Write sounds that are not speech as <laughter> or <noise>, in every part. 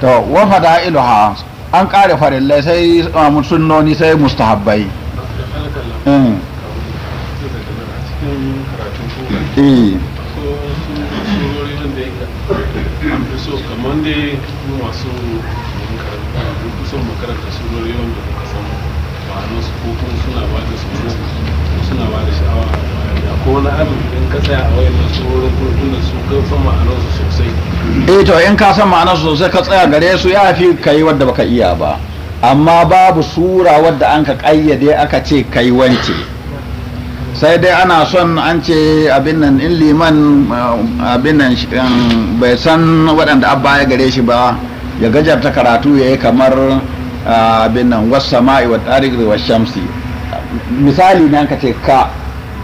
to wa fada'iluha an kare farillai sai mu sunnoni sai mustahabbai eh karanta surorin ko wani abin in ka tsaya a wayannan surorin kurkunan su kan san ma'anarsu sosai eh to in ka san ma'anarsu sosai ka tsaya gare su ya fi kai wanda baka iya ba amma babu sura wadda an ka kayyade aka ce kai wance sai dai ana son an ce abin nan in liman eh, abin nan eh, bai san waɗanda abba ya gare shi ba ya gajarta karatu ya yi kamar eh, abin nan wasu sama'i wa tarihi wa shamsi misali an ka ce ka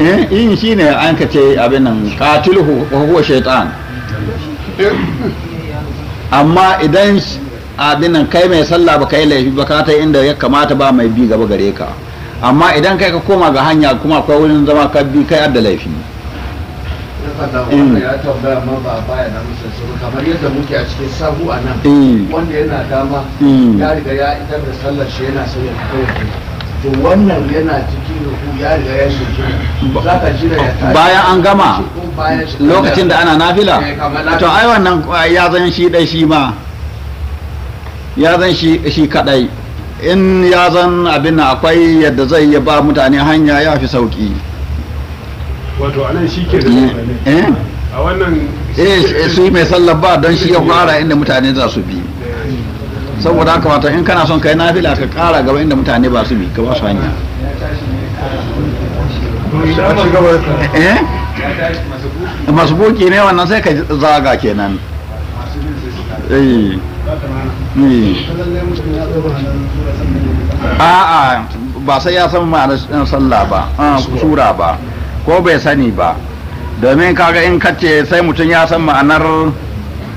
Eh, in shi ne an ka ce abin nan katilhu huwa shaitan amma idan abin kai mai sallah ba kai laifi ba ka ta inda ya kamata ba mai bi gaba gare ka amma idan kai ka koma ga hanya kuma akwai wurin zama ka bi kai adda laifi mm. kamar yadda muke a cikin sabu a nan mm. wanda yana dama mm. ya riga ya idar da sallar shi yana sauya kawai to wannan yana cikin ya riga ya za ka ya tashi bayan an gama lokacin da ana nafila eh, to ai wannan ya zan shi dai shi ma ya zan shi kadai in ya zan abin akwai yadda zai ya ba mutane hanya ya fi sauki wato anan shi ke da eh, eh. a wannan eh su mai sallar ba don shi ya fara inda mutane za su bi saboda haka wato in kana son kai nafila ka kara gaba inda mutane ba su bi ka ba su hanya eh? masu boki ne wannan sai ka zaga kenan eh. eh. a ba sai ya san ma'ana sallah ba sura ba ko bai sani ba domin kaga in kace sai mutum ya san ma'anar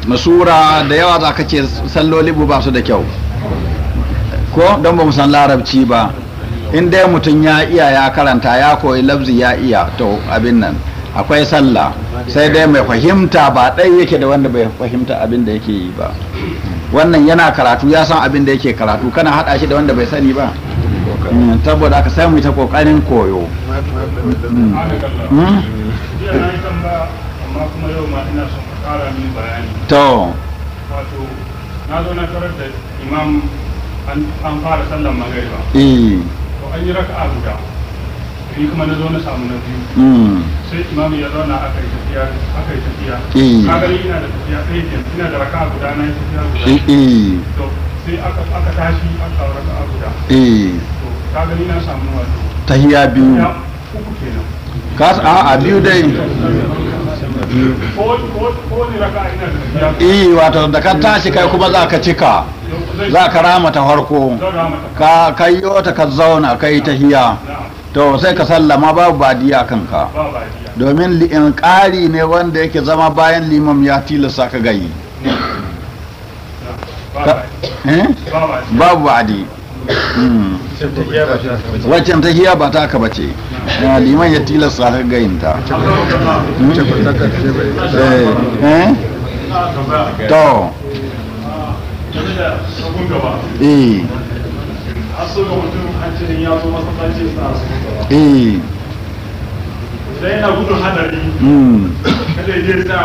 masura da yawa za ka ce salloli ba su da kyau ko don ba mu san larabci ba in dai mutum ya iya ya karanta ya koyi labzi ya iya to abin nan akwai sallah sai dai mai fahimta ba ɗai yake da wanda bai fahimta abin da yake yi ba wannan yana karatu ya san abin da yake karatu kana haɗa shi da wanda bai sani ba hmm, saboda aka sai ta kokarin koyo hmm. Hmm. ƙara min bayani to wato na an fara sallan magariba eh to an samu na biyu hmm. sai imam biyu ka a biyu dai eh wato da ka tashi kai kuma za ka cika za ka rama ta farko ka kayo ta ka zauna kai ta hiya to sai ka sallama babu badiya kanka domin li'in ƙari ne wanda yake zama bayan limam ya tilasa ka gayi eh? babu badi hmm. waccan ta hiya ba ta aka bace liman ya tilasta ka gayinta eh, eh? to a eh.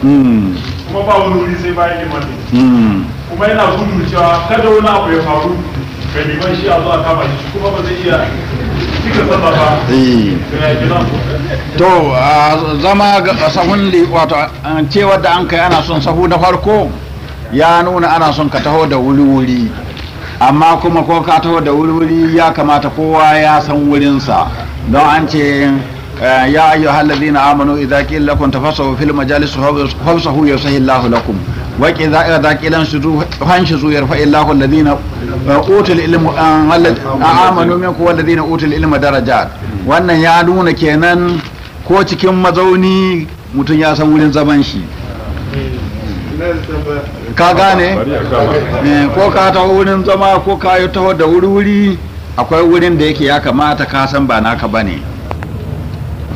hmm. hmm. kuma ba wani wuri sai bayan hmm. kuma yana gudu cewa kada wani abu ya faru ga eh. to zama ga sahun wato cewa da an kai ana son sahu na farko ya nuna ana son ka taho da wuri-wuri amma kuma ko ka taho da wuri-wuri ya kamata kowa ya san wurinsa don an ce يا أيها الذين آمنوا إذا قيل لكم تفسحوا في المجالس فافسحوا يفسح الله لكم وإذا قيل انشزوا فانشزوا يرفع الله الذين أوتوا العلم آمنوا منكم والذين أوتوا العلم درجات wannan ya nuna kenan ko cikin mazauni mutum ya san wurin zaman shi ka gane ko ka taho wurin zama ko ka yi taho da wuri-wuri akwai wurin da yake ya kamata ka san ba naka ba ne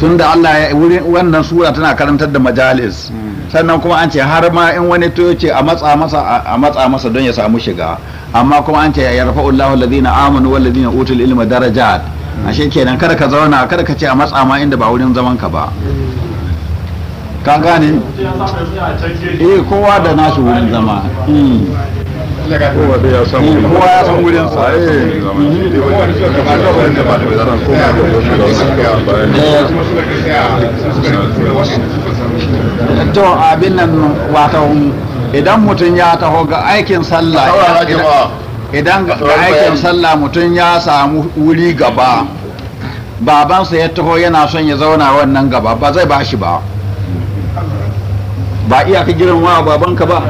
tunda Allah ya wurin wannan sura tana karantar da majalis hmm. sannan kuma an ce har ma in wani to yace a matsa masa a matsa masa don ya samu shiga amma kuma an ce ya rafa'u Allahu alladhina amanu wal ladina utul ilma darajat hmm. ashe kenan kada ka zauna kada ka ce a matsa ma inda ba wurin zaman ka ba ka gane eh kowa da nasu wurin zama hmm. kowa da ya san wurin kowa ya san wurin sa eh to abin nan wato idan mutum ya taho ga aikin sallah idan ga aikin sallah mutum ya samu wuri gaba babansa ya taho yana son ya zauna wannan gaba ba zai bashi ba ba iya ka baban ka ba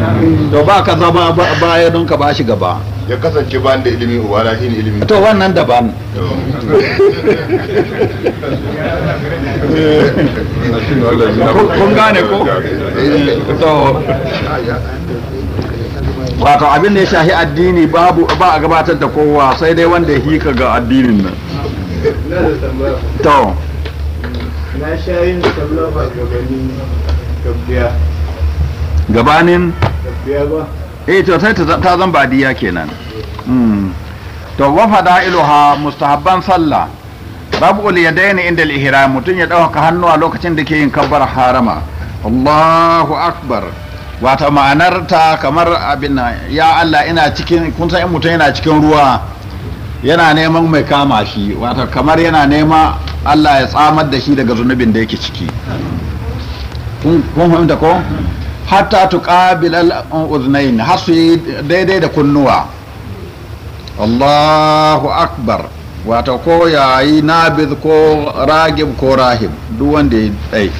to ba ka zama baya don ka ba shi gaba ya kasance ba da ilimi uba na shi ilimi to wannan daban kun gane ko to wato abin da ya shahi addini babu ba a gabatar da kowa sai dai wanda ya hika ga addinin nan to na shayin tablafa gabanin gabdiya gabanin eh to sai ta zan badiya kenan hmm. to wa fada'iluha mustahabban sallah babu ul daina inda al-ihram mutun ya dauka hannu a lokacin da ke yin kabbar harama Allahu akbar wata ma'anar ta kamar abin ya Allah ina cikin kun san mutun yana cikin ruwa yana neman mai kama shi wata kamar yana nema Allah ya tsamar da shi daga zunubin da yake ciki kun fahimta ko hatta tuqabil al-udhnayn hasu daidai da kunnuwa Allahu akbar wato ko yayi nabid ko ragib ko rahim, duk wanda ya tsaye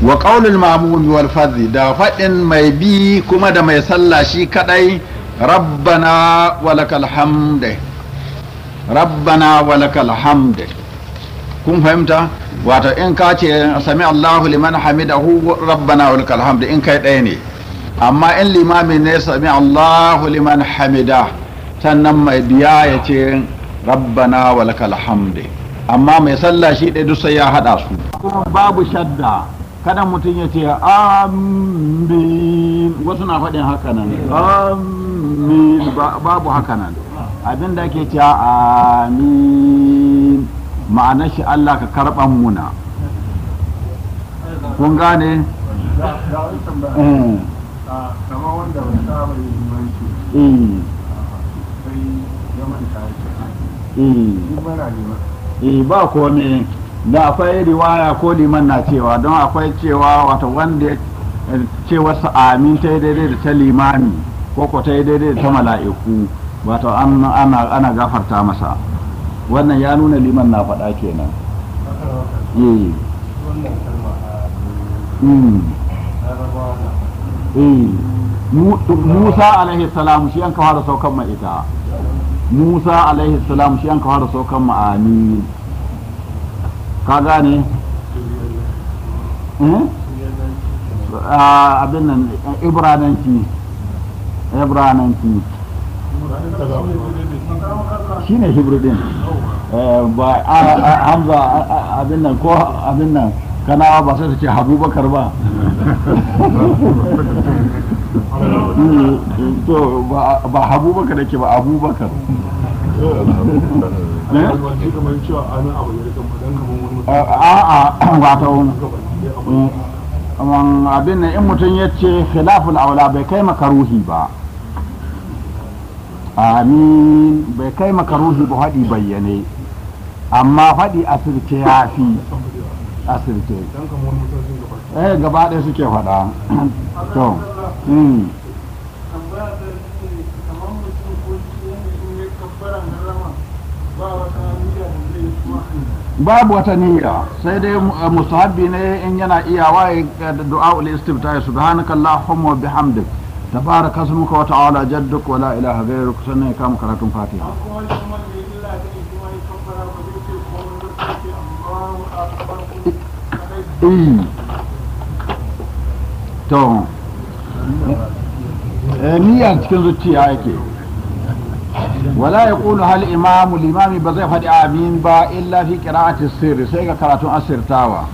wa qaulul ma'mum wal fadhi da fadin mai bi kuma da mai sallah shi kadai rabbana walakal hamd rabbana walakal hamd kun fahimta wato in ka ce sami Allahu liman hamidahu rabbana wa lakal hamd in kai ɗaya ne amma in limami ne sami Allahu liman hamida sannan mai biya ya ce rabbana wa lakal hamd amma mai sallah shi ɗaya duk sai ya haɗa su kuma babu shadda kada mutum ya ce amin wasu na faɗin haka nan amin babu haka nan abinda ake cewa amin ma'ana shi Allah ka karɓan muna kun gane? Eh. Eh. Eh, ba saba da akwai riwaya ko liman na cewa don akwai cewa wata wanda cewa amin ta yi daidai da ta limani, ko ko ta yi daidai da ta mala'iku wato ana gafarta masa wannan ya nuna liman na faɗa kenan eh. Hmm. Eh. Musa alaihi salam shi an kawo fara saukan ma'ita ita Musa alaihi salam shi an kawo fara saukan ma'ani amin ka gane eh? ah, abin nan ibrananci ibrananci shi ne din eh, ba hamza abin nan ko abin nan kanawa ba sai su ce Bakar ba <laughs> to ba abubakar da ke ba abubakar eh? a mm, abin nan in mutum ya ce a aula bai kai makaruhi ba amin bai kai ruhi ba haɗi bayyane amma faɗi asirce ya fi asirce eh gaba ɗaya suke faɗa <coughs> to mm. babu wata niyya sai dai eh, mustahabbi ne in yana iyawa ya eh, du'a ul istifta subhanakallahumma bihamdika تبارك اسمك وتعالى جدك ولا إله غيرك سنة كام كراتم فاتحة to niyyar cikin zuciya yake wala ya kulu hal imamu limami ba zai faɗi abin ba illa fi ƙira'atis sirri sai ga karatun asirtawa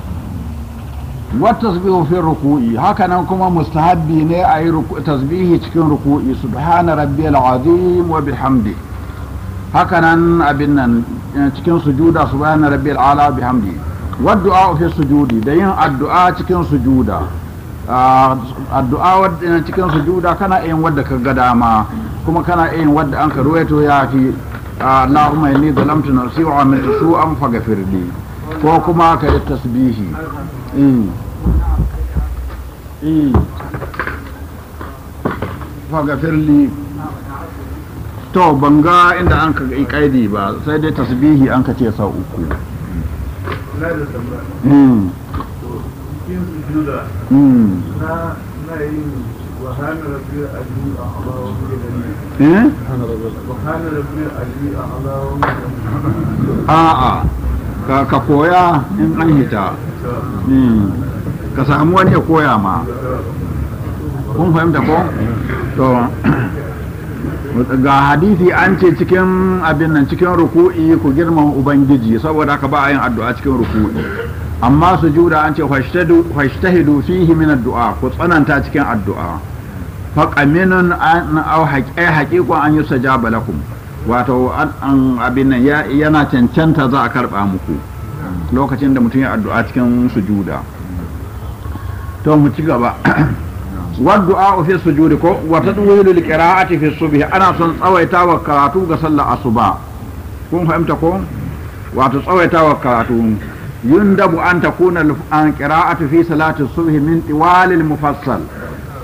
والتسبيح ruku'i الركوع هكذا kuma mustahabbi ne a yi tasbihi cikin ruku'i subhana rabbiyal azim wa bihamdi hakanan abin nan cikin sujuda subhana rabbiyal ala bihamdi du'a fi sujudi da yin addu'a cikin sujuda addu'a wadda cikin sujuda kana yin wadda ka ga dama kuma kana yin wadda an ka ruwaito ya fi Allahumma inni zalamtu nafsi wa amiltu su'an faghfir li ko kuma ka yi tasbihi Mm. Mm. faghafir li to banga inda an ka yi ba sai dai tasbihi an ka ce sau uku mm. Eh? a'a ka koya in an hita Hmm. ka samu wani ya koya ma kun fahimta ko to ga hadisi an ce cikin abin nan cikin ruku'i ku girmama ubangiji saboda haka ba a yin addu'a cikin ruku'i amma su sujuda an ce fashtahidu fihi min addu'a ku tsananta cikin addu'a faqaminun an aw haqiqa an yusajaba lakum wato an abin nan yana cancanta za a karɓa muku lokacin da mutum ya addu'a cikin sujuda to mu ci gaba a ofe sujudi ko Wata wa tadwilu liqira'ati fi subhi ana son tsawaita wa karatu ga sallar asuba kun fahimta ko Wata tsawaita wa karatu yundabu an kuna an qira'atu fi su subhi min tiwalil mufassal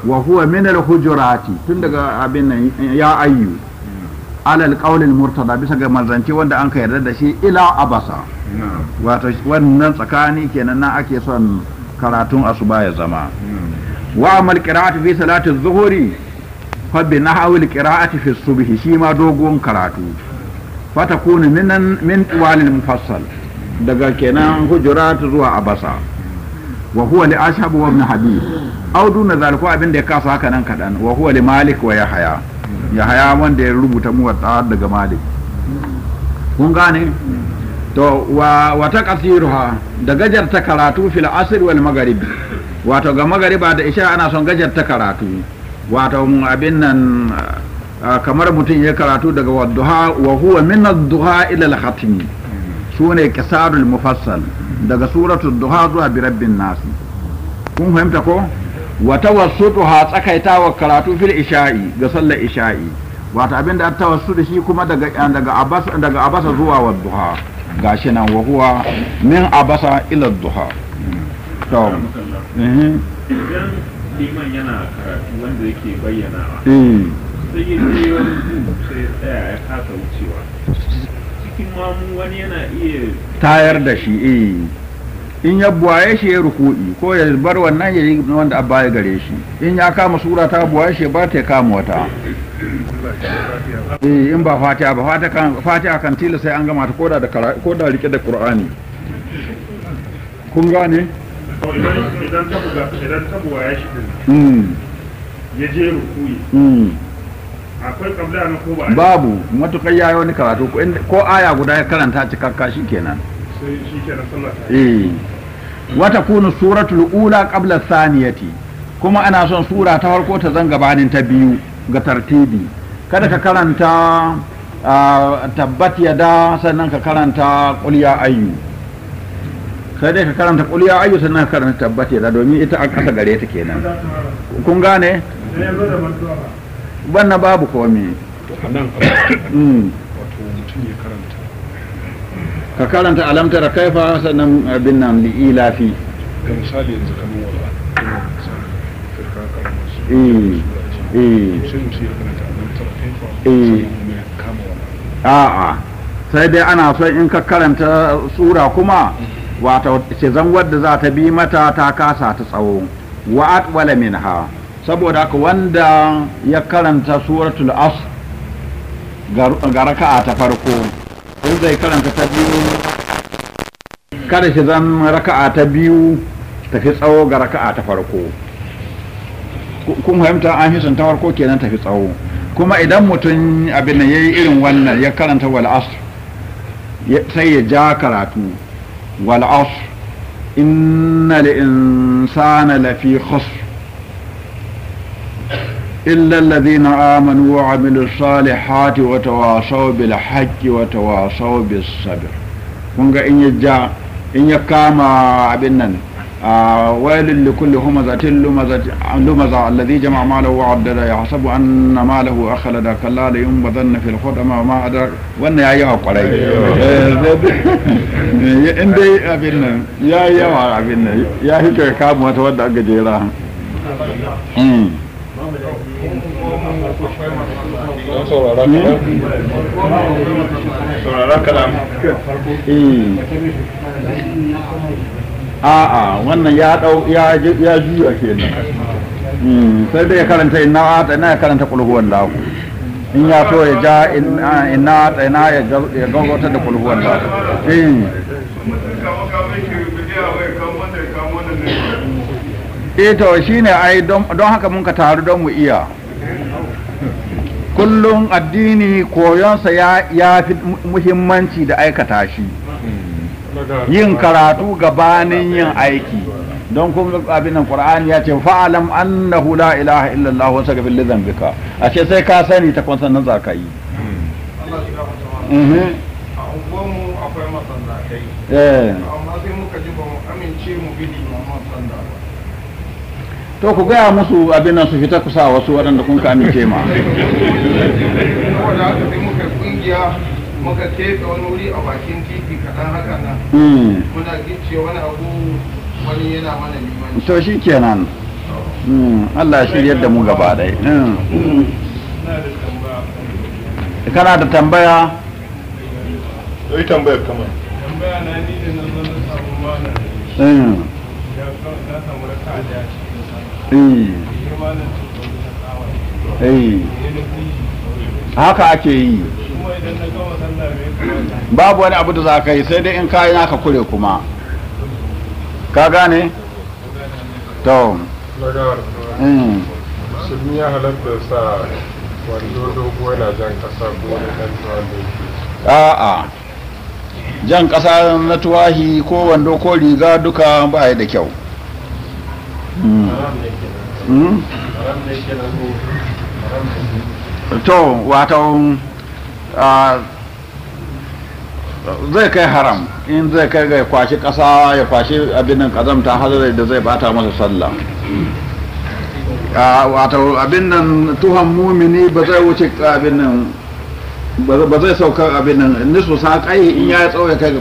wa huwa min al-hujurati tun daga abin nan ya ayyu alal murta murtada bisa ga manzanci wanda an ka yarda da shi ila abasa wato wannan tsakani kenan na ake son karatun asuba ya zama wa amal qira'atu fi salati adh-dhuhri fa bi nahwi al-qira'ati fi subh shi ma dogon karatu fa takunu minan min tuwalil mufassal daga kenan hujurat zuwa abasa wa huwa li ashab wa ibn habib na duna zalika abin da ya kasa haka nan kadan wa huwa li malik wa yahya yahaya wanda ya rubuta muwatta daga malik kun gane to wa wata ha da gajar ta karatu fil asr wal maghrib wato ga magariba da isha ana son gajar ta karatu wato abin nan kamar mutum ya karatu daga wadduha wa huwa min ad-duha ila al-khatm sune kasarul mufassal daga suratul duha zuwa birabbin rabbin nas kun fahimta ko Wata wasu wa tawassutuha wa karatu fil isha'i ga sallar isha'i wata abin da wasu da shi kuma daga abasa eh, daga abasa zuwa wa duha gashi nan wa huwa min abasa ila duha to eh liman yana karatu wanda yake bayyana, eh. sai ya je wani sai tsaya ya kasa wucewa cikin mamu wani yana iya tayar da shi eh in ya buwaye shi ya ruku'i ko ya bar wannan ya yi wanda abba ya gare shi in ya kama sura ta buwaye shi ba ta ya kama wata eh, in ba fatiha ba fatiha kan tilo sai an gama ta koda da koda rike da qur'ani kun gane idan ta buga idan ta buwaye shi din hmm. ya je ruku'i hmm. akwai kabla na ko ba babu matukai yayi wani karatu ko aya guda ya karanta cikakka shikenan Eh. wata kunu suratul ula qabla saniyati kuma ana son sura ta farko ta zan gabanin ta biyu ga tartibi kada ka karanta tabbat yada sannan ka karanta qul ya ayyu sai dai ka karanta qul ya ayyu sannan ka karanta tabbat yada domin ita a kasa gare ta kenan kun gane wannan babu komai hmm. ka karanta alamtara kaifa sannan abin nan li ilafi da misali yanzu kamar wala eh, eh. eh. kuma misali firka a'a sai dai ana son in ka karanta tsura kuma mm-hmm. wata cizan wadda za ta bi mata ta kasa ta tsawo wa'ad wa min ha. saboda haka wanda ya karanta suratul asr ga raka'a ta farko ko zai karanta ta biyu kada shi zan raka'a ta biyu tafi tsawo ga raka'a ta farko kun fahimta an hisan ta farko kenan tafi tsawo kuma idan mutum abin ya yi irin wannan ya karanta wal sai ya ja karatu wal inna li lafi khusr إلا الذين آمنوا وعملوا الصالحات وتواصوا بالحج وتواصوا بالصبر kun ga in ya ja in ya kama abin nan wailin likulli humazatin lumaza allazi jama'a malahu wa addada ya hasabu anna malahu akhlada kalla la yunbazanna fil khudama ma adar wannan yayi yawa kwarai in dai abin nan yayi yawa abin nan ya hito ya kama wata wadda aka jera Hmm. Hmm. a'a wannan ya dau ya ya juya kenan hmm, sai dai ya karanta inna ta na ya karanta kulhuwan lahu in ya so ya ja ah, inna ta na ya gaggauta da kulhuwan lahu eh to ne ai don haka mun ka taru don mu iya kullum addini koyonsa ya fi muhimmanci da aikata shi yin karatu gabanin yin aiki don kuma abin nan qur'ani ya ce fa'alam annahu la ilaha illallah wa saghfir li A ce sai ka sani ta kun sannan za ka yi mhm. a unguwanmu akwai masallatai eh. amma sai muka ji ba mu amince mu bi to ku gaya musu abin nan su fita kusa wasu waɗanda kun ka ke ma to shi kenan hmm. Allah ya shirya da mu gaba ɗai hmm. kana da tambaya to yi tambayar kamar tambaya na ni da nan zan samu mana hmm. ya samu raka da shi. Eh. Eh. haka ake yi babu wani abu da za ka yi sai dai in kayi naka kure kuma ka gane? to hmm. musulmi ya halatta sa wando dogo yana jan kasa ko wani dan tuwahi a'a jan kasa na tuwahi ko wando ko riga duka ba da kyau to wato zai kai haram in zai kai ga kwashi kasa ya kwashi abinin ƙazamta hazarai da zai bata masa sallah wato abin tuhon mumini ba zai wuce abin ba zai saukar abin nisu sa kai in ya tsawo ya kai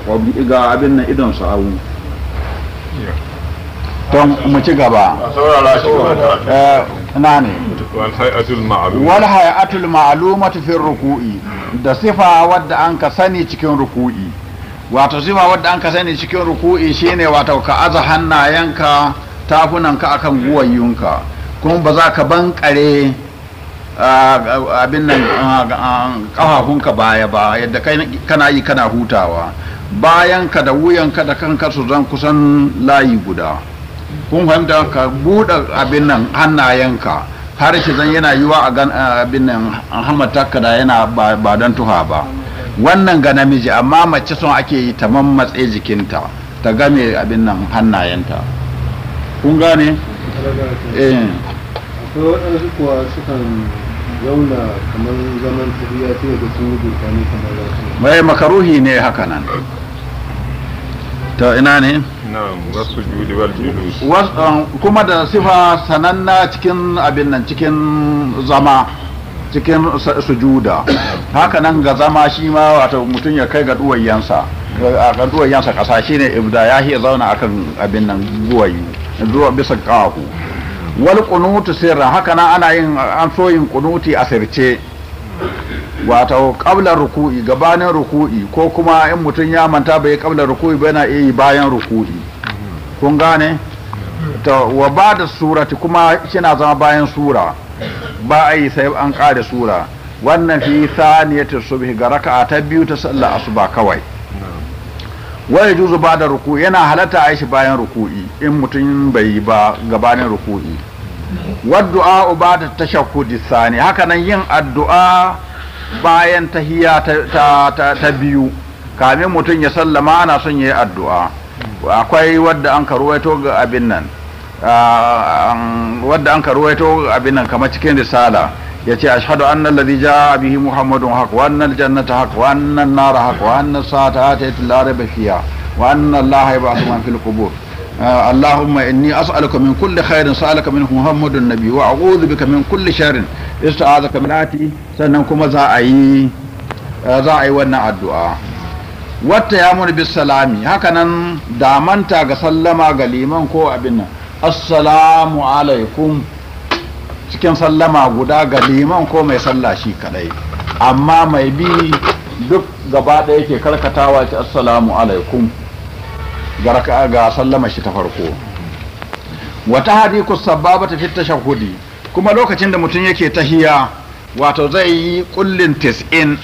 ga abin idon sa'awu don mu ci gaba eh, na ne ma'aluma. hayatul fi ruku'i da sifa wadda an ka sani cikin ruku'i wato sifa wadda an ka sani cikin ruku'i shine wato ka aza hannayenka tafunanka akan guwayyunka kuma ba za ka bankare abin nan kafafunka baya ba yadda kana yi kana hutawa bayanka da wuyanka da kanka su zan kusan layi guda kun fahimta ka buɗe abin nan hannayenka har shi zan yana yiwa a gan abin nan hamatarka da yana ba don tuha ba wannan ga namiji amma mace son ake yi ta mammatse jikinta ta game abin nan hannayenta kun gane? eh akwai waɗansu kuwa sukan zauna kamar zaman tafiya ce da sun yi dukkanin ne kamar zasu mai makaruhi ne haka nan ta ina ne wasu juli wal um, kuma da sifa sananna cikin abin nan cikin zama cikin sujuda haka nan ga zama shi ma wata mutum ya kai ga duwayensa a kasa shi ne ibda ya hiya zauna akan abin nan guwai zuwa bisa kawo wal qunutu sirra haka nan ana yin an so yin qunuti a sirce wato kablar ruku'i gabanin ruku'i ko kuma in mutum ya manta bai kablar ruku'i ba yana iya bayan ruku'i kun gane ta wa ba da surati kuma na zama bayan sura ba a yi sai an kare sura wannan fi thaniyati subhi ga raka'a ta biyu ta sallar asuba kawai wa yajuzu ba da ruku'i yana halatta a shi bayan ruku'i in mutum bai yi ba gabanin ruku'i waddu'a ba da tashakkudi sani haka nan yin addu'a bayan tahiyya ta, ta, ta, biyu kamin mutum ya sallama ana son ya yi addu'a akwai wadda an ka ruwaito ga abin nan ah, wadda an ga abin nan kama cikin risala ya ce ashadu an nan ladhi ja bihi muhammadun haq wannan jannata haq wannan nara haq wannan annas ta ataytu la rayba fiha wannan lahai ba su Allahumma inni as'aluka min kulli khairin sa'alaka minhu Muhammadun nabi wa a'udhu bika min kulli sharrin ista'azaka sannan kuma za a yi za yi wannan addu'a wata ya mun bis salami hakanan damanta ga sallama ga liman ko abin nan assalamu alaikum cikin sallama guda ga liman ko mai sallah shi kadai amma mai bi duk gaba ɗaya ke karkatawa ci assalamu alaikum ga ga sallama shi ta farko wata hadiku sababa ta fitta shahudi kuma lokacin da mutum yake tahiya wato zai yi kullin tis'in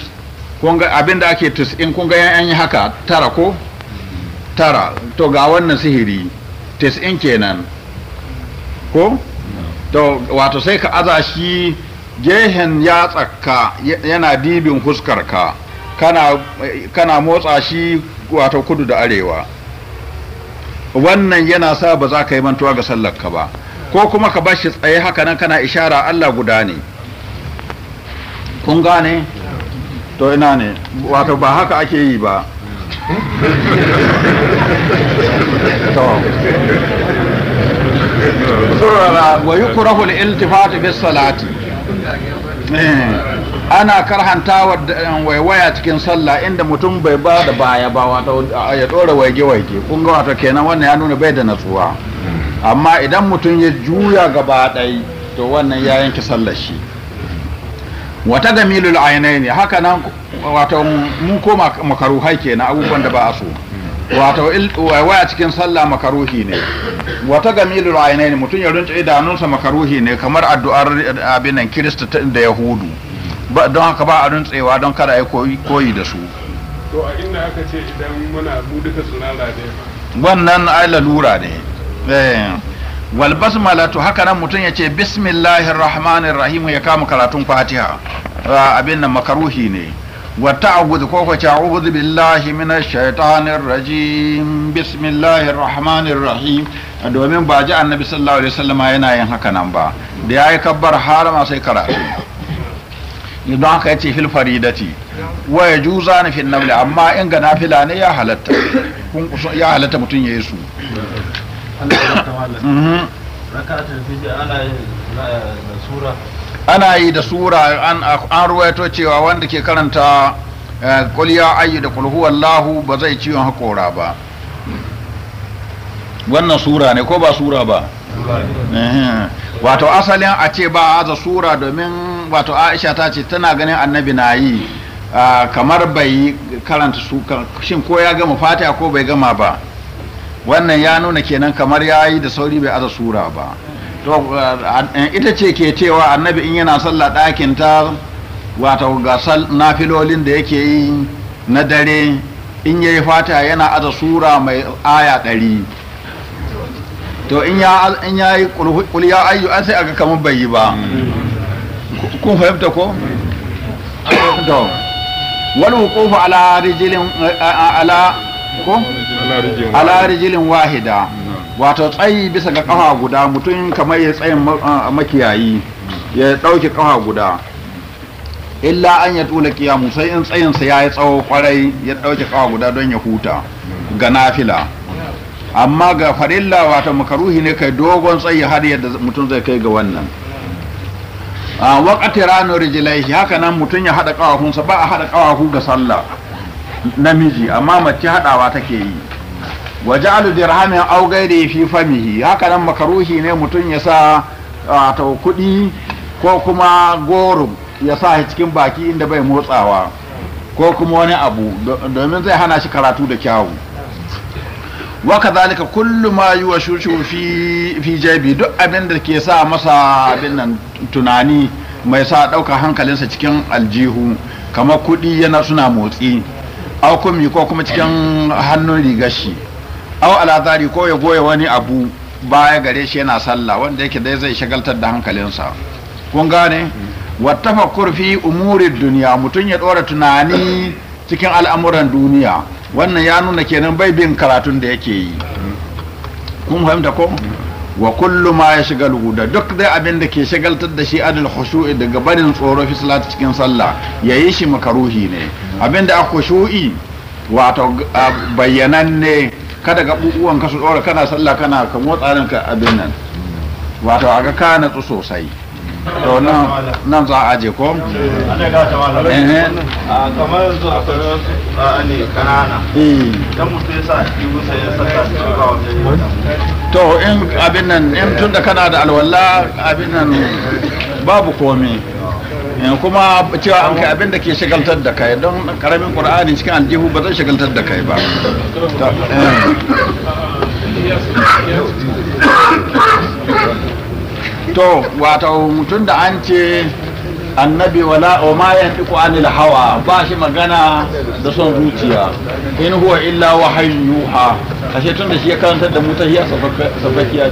abinda ake tis'in kun yan yi haka tara ko tara to ga wannan sihiri tis'in kenan ko to wato sai ka aza shi gehen ka yana dibin huskarka ka kana motsa shi wato kudu da arewa wannan yana sa ba za ka yi mantuwa ga sallarka ba ko kuma ka bashi tsaye haka nan kana ishara Allah guda ne kun gane to ina ne wato ba haka ake yi ba wa yi kurahul ana karhanta um, waiwaya cikin sallah inda mutum bai ba da baya ba wato ya dora waige-waige kun ga wato kenan wannan ya nuna bai da natsuwa hmm. amma idan mutum ya juya gaba ɗai to wannan ya yanke sallar shi wata da milul ne haka nan wato mu koma makaruhai kenan abubuwan da ba a so hmm. wato waiwaya cikin sallah makaruhi ne wata ga milul ne mutum ya runce idanunsa makaruhi ne kamar addu'ar abinan kirista da yahudu Ba don haka ba a runtsewa don kada a yi koyi da su to a inda aka ce idan muna mu duka da ne wannan ai lalura ne eh. wal basmala to haka nan mutum ya ce bismillahir rahmanir rahim ya kama karatun fatiha ah, abin nan makaruhi ne wa ta'awudh ko ko ta'awudh billahi minash shaitanir rajim bismillahir rahmanir rahim domin ba ji annabi sallallahu alaihi wasallama yana yin haka nan ba da yayi kabbar harama sai karatu Idan haka yace fil faridati wa yajuza na fi nafil amma in ga nafila ne ya halatta kun ya halatta mutun yayi su mm-hmm. ana yi da sura an an ruwaito cewa wanda ke karanta eh, qul ya da qul huwallahu ba zai ciwon hakora ba wannan sura ne ko ba sura ba eh, eh. wato asalin a ce ba a aza sura domin wato aisha ta ce tana ganin annabi na yi kamar bai karanta su shin ko ya gama fatiha ko bai gama ba wannan ya nuna kenan kamar ya yi da sauri bai aza sura ba to ita ce ke cewa annabi in yana sallah ɗakin ta wato ga nafilolin da yake yi na dare in yi fatiha yana aza sura mai aya ɗari to in ya yi ƙulya ayyu sai aga kamar bai yi ba mm. kun fahimta ko wani wal wuqufu ala rijlin eh, ala wahida wato tsayi bisa ga kafa guda mutum kamar ya tsayin ah, makiyayi ya dauki kafa guda illa an ya tula kiyamu sai in tsayinsa ya yi tsawo kwarai ya dauki kafa guda don ya huta ga nafila amma ga farilla wato makaruhi ne kai dogon tsayi har yadda mutum zai kai ga wannan A ah, qatiranu rijilaihi haka nan mutum ya haɗa ƙawafunsa ba a haɗa ƙawafu ga sallah namiji amma mace haɗawa take yi Waje ja'alu dirhamin aw ghairihi fi famihi haka nan makaruhi ne mutum ya sa wato ah, kuɗi ko kuma goro ya sa shi cikin baki inda bai motsawa ko kuma wani abu domin zai hana shi karatu da kyawu Waka zalika kullu ma wa fi fi jabi duk abin da ke sa masa abin nan tunani mai sa dauka hankalinsa cikin aljihu kama kuɗi yana suna motsi au kumi ko kuma cikin hannun rigashi au alazari ko ya goya wani abu baya gare shi yana sallah wanda yake dai zai shagaltar da hankalinsa kun gane wattafakkur fi umurin duniya mutum ya dora tunani cikin al'amuran duniya wannan ya nuna kenan bai bin karatun da yake yi kun fahimta ko wa kullu ma ya shiga da duk dai abin da ke shagaltar da shi adal khushu'i daga barin tsoro fi salati cikin sallah yayi shi makaruhi ne abin da aka khushu'i wato ne kada ga bubuwan ka su dora kana sallah kana ka motsa ranka abin nan wato aga kana tsu sosai to nan za a aje ko? ta wala a kamar yanzu akwai a ne kanana don mutu ya sa ibu sai ya saka su ba wajen to in abin nan in tun da kana da alwala abin nan babu komi eh, kuma cewa an kai abin da ke shigaltar da kai don karamin ƙur'ani cikin aljihu ba zai shigaltar da kai ba eh. to wato mutum da an ce annabi wala o ma yantiku anil hawa ba shi magana da son zuciya in huwa illa wahayin yuha ashe tun da shi ya karanta da mutar ya safakiya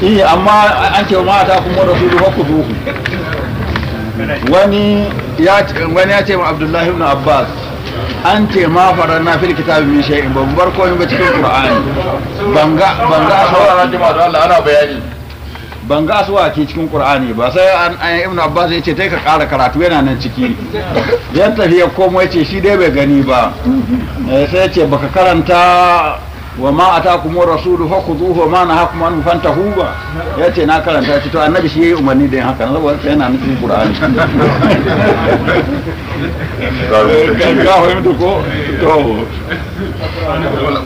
ce iya eh, amma an ce ma ta kuma rasulu ku zuhu wani ya ce ma abdullahi ibn abbas an ce ma faran na fil kitabi min shay'in ba bar in ba cikin qur'ani banga banga saurara jama'a da Allah ana bayani banga suwa ke cikin qur'ani ba sai an ibnu abbas ya ce tai ka ƙara karatu yana nan ciki yan tafiya komai ce shi dai bai gani ba eh, sai ya ce baka karanta wa ma atakum rasulu fakhuduhu wa ma nahakum anhu fantahu ba yace na karanta shi to annabi shi yayi umarni da haka saboda sai yana nufin qur'ani kan ga hoyin to ko to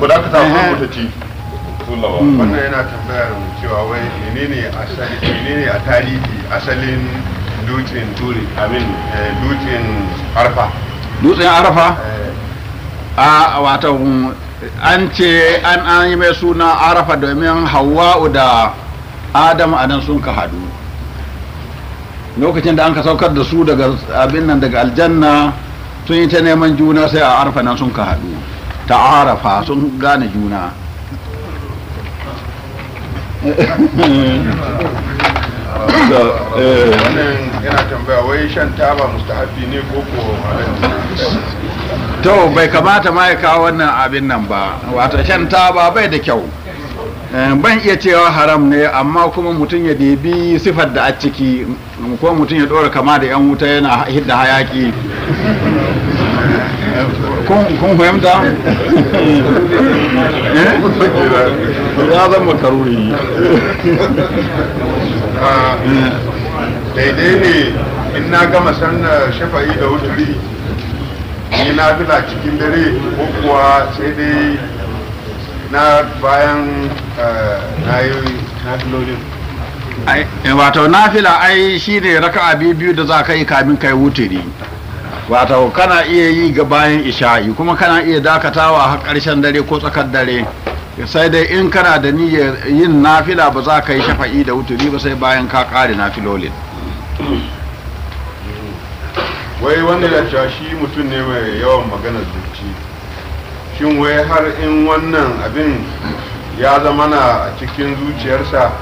guda ka ta mutaci wannan yana tambayar cewa wai menene asali menene a tarihi asalin dutsen turi amin dutsen arfa dutsen eh. arfa a wato an ce an an yi mai suna arafa domin hawa'u da adam a nan sun ka hadu lokacin da an ka saukar da su daga abin nan daga aljanna sun yi ta neman juna sai a arafa nan sun ka hadu ta arafa sun gane juna <laughs> eh. wannan yana tambaya wai shan taba mustahabi ne ko ko <laughs> to bai kamata ma ya kawo wannan abin nan ba wato shan taba bai da kyau eh, ban iya cewa haram ne amma kuma mutum ya debi sifar da a ciki ko mutum ya dora kama da yan wuta yana hidda hayaki kun fahimta eh? ya zan makaruri eh. ah, daidai ne in na gama sannan shafa'i da wuturi Ni na cikin dare ko kuwa sai dai na bayan eh, na yi na filolin eh, wato nafila ai shi ne raka abi biyu da za ka yi kamin kai wuturi wato kana iya yi ga bayan isha'i kuma kana iya dakatawa har ƙarshen dare ko tsakar dare sai dai in kana da niyyar yin nafila ba za ka yi shafa'i da wuturi ba sai bayan ka kare nafilolin wai wanda da shi mutum ne mai yawan maganar zuci shin wai har in wannan abin ya zama na cikin zuciyarsa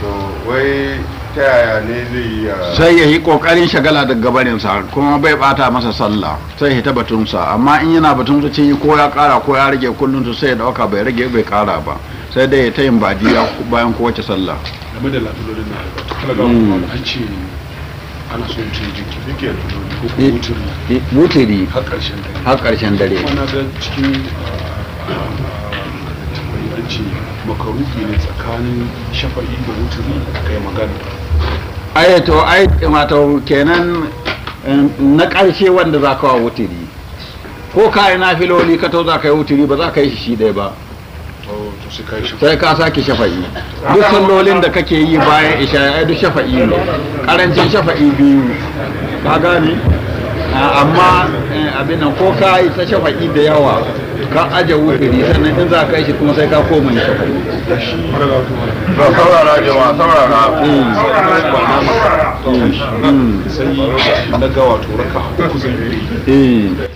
to wai ta yaya ne zai yi sai ya yi kokarin shagala da gabarinsa kuma bai bata masa sallah sai ya batunsa amma in yana batun su ce ko ya kara ko ya rage kullum su sai ya dauka bai rage bai kara ba sai dai ya ta yin badiya bayan kowace sallah an so ce jiki bige da har karshen dare kuma ga cikin an ah, ah, ah, makaruki ne tsakanin shafa'i da kai magana ayato kenan na ƙarshe wanda za ka wa wutiri ko ka yi na filoli ka to za ka yi wutiri ba za ka yi shi shi ɗaya ba sai ka sake shafa'i duk sallolin da kake yi bayan isha ai duk shafa'i ne karancin shafa'i biyu ka gane amma eh, abin nan ko ka yi ta shafa'i da yawa ka aje wuri sannan in za ka yi shi kuma sai ka koma ne shafa'i ba saurara jama'a saurara mm. Mm. sai na